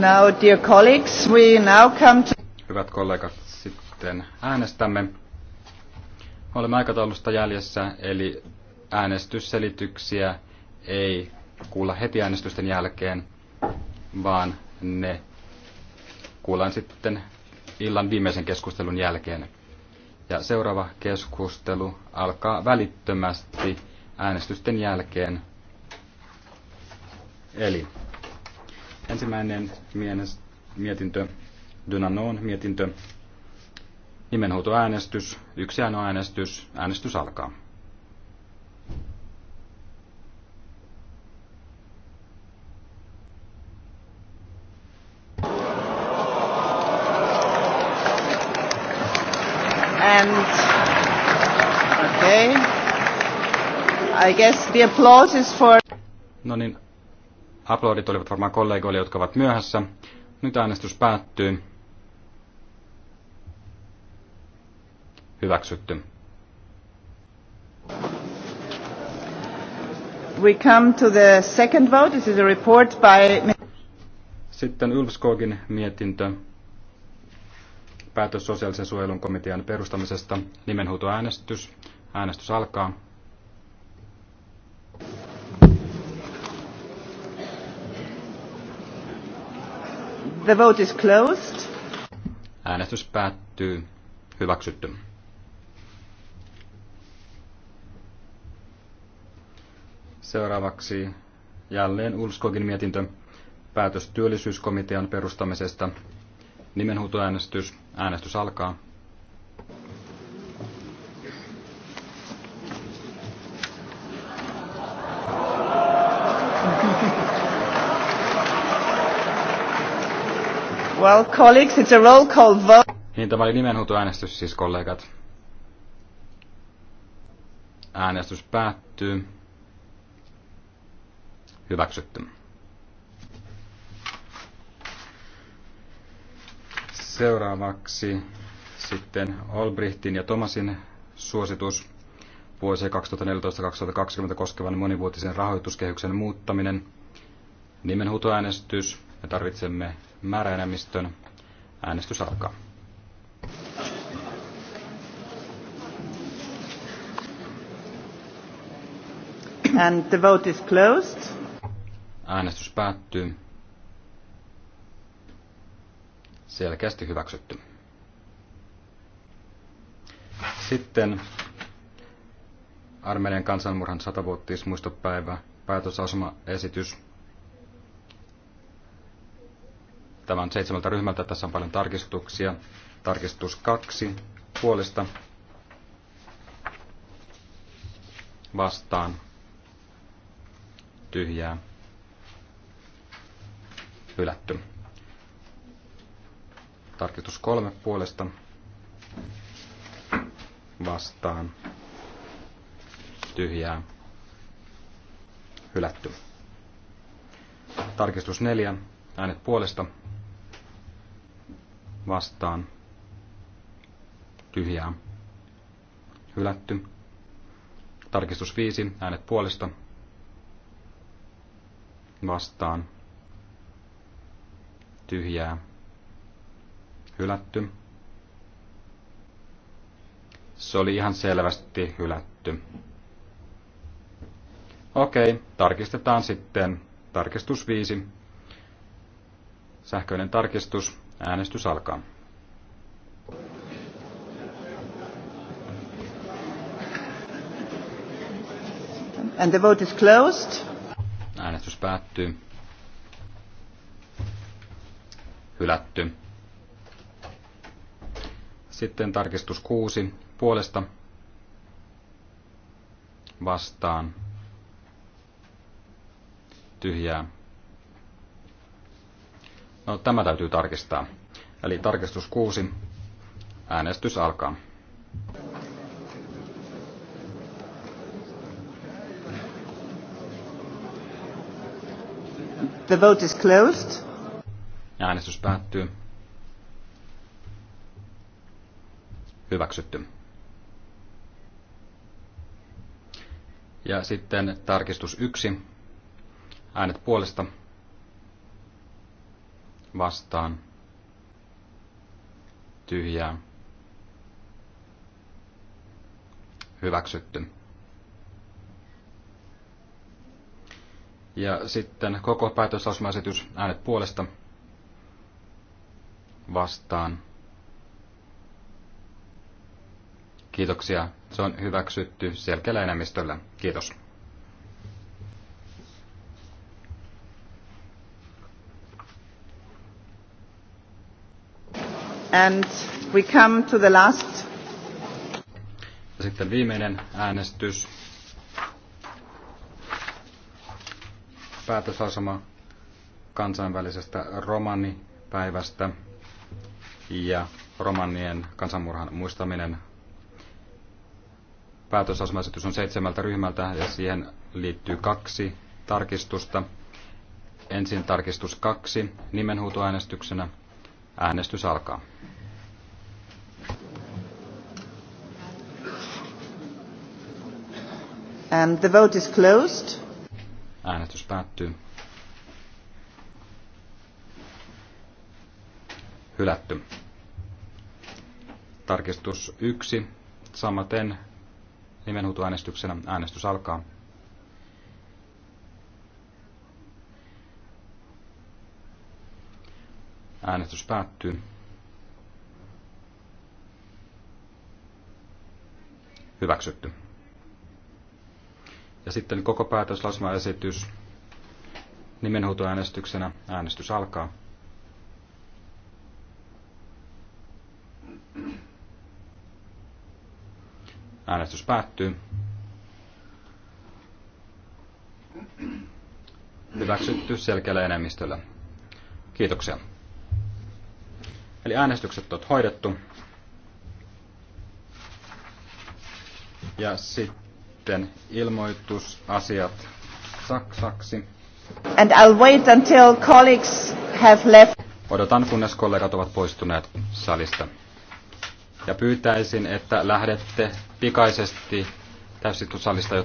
Now, dear colleagues, we now come to... Hyvät kollegat, sitten äänestämme. Olemme aikataulusta jäljessä, eli äänestysselityksiä ei kuulla heti äänestysten jälkeen, vaan ne kuullaan sitten illan viimeisen keskustelun jälkeen. Ja seuraava keskustelu alkaa välittömästi äänestysten jälkeen. Eli Ensimmäinen mietintö, Dynanoon mietintö, nimenhuutoäänestys, yksi ainoa äänestys, äänestys alkaa. And okay. I guess the applause is for No niin, Aplodit olivat varmaan kollegoille, jotka ovat myöhässä. Nyt äänestys päättyy. Hyväksytty. We come to the second vote. This is a report by... Sitten Ulfskogin mietintö päätös sosiaalisen suojelun komitean perustamisesta, nimenhuutoäänestys. Äänestys alkaa. The vote is closed. Äänestys päättyy. Hyväksytty. Seuraavaksi jälleen Ulskokin mietintö. Päätös työllisyyskomitean perustamisesta. Nimenhuutoäänestys. Äänestys alkaa. Well, colleagues, it's a roll call vote. Niin, tämä oli nimenhuutoäänestys siis, kollegat. Äänestys päättyy. Hyväksytty. Seuraavaksi sitten Olbrichtin ja Tomasin suositus vuosien 2014-2020 koskevan monivuotisen rahoituskehyksen muuttaminen. Nimenhuutoäänestys. Me tarvitsemme määräenemmistön. Äänestys alkaa. And the vote is closed. Äänestys päättyy. Selkeästi hyväksytty. Sitten Armenian kansanmurhan satavuotismuistopäivä, esitys. Tämä on seitsemältä ryhmältä. Tässä on paljon tarkistuksia. Tarkistus kaksi puolesta vastaan tyhjää hylätty. Tarkistus kolme puolesta vastaan tyhjää hylätty. Tarkistus neljä äänet puolesta vastaan tyhjää hylätty. Tarkistus 5 äänet puolesta vastaan tyhjää hylätty. Se oli ihan selvästi hylätty. Okei, tarkistetaan sitten tarkistus 5. Sähköinen tarkistus. Äänestys alkaa. And the vote is closed. Äänestys päättyy. Hylätty. Sitten tarkistus kuusi puolesta vastaan tyhjää. No, tämä täytyy tarkistaa. Eli tarkistus 6. Äänestys alkaa. The vote is closed. Äänestys päättyy. Hyväksytty. Ja sitten tarkistus 1. Äänet puolesta vastaan tyhjää hyväksytty. Ja sitten koko päätöslausumaesitys äänet puolesta vastaan. Kiitoksia. Se on hyväksytty selkeällä enemmistöllä. Kiitos. And we come to the last. Ja sitten viimeinen äänestys. Päätösasema kansainvälisestä romanipäivästä ja romanien kansanmurhan muistaminen. Päätösasemaesitys on seitsemältä ryhmältä ja siihen liittyy kaksi tarkistusta. Ensin tarkistus kaksi nimenhuutoäänestyksenä. Äänestys alkaa. And um, the vote is closed. Äänestys päättyy. Hylätty. Tarkistus 1. Samaten nimenhuutoäänestyksenä äänestys alkaa. Äänestys päättyy. Hyväksytty. Ja sitten koko päätöslasmaesitys nimenhuutoäänestyksenä. Äänestys alkaa. Äänestys päättyy. Hyväksytty selkeällä enemmistöllä. Kiitoksia. Eli äänestykset on hoidettu. Ja sitten ilmoitusasiat saksaksi. And I'll wait until colleagues have left. Odotan, kunnes kollegat ovat poistuneet salista. Ja pyytäisin, että lähdette pikaisesti täysin salista,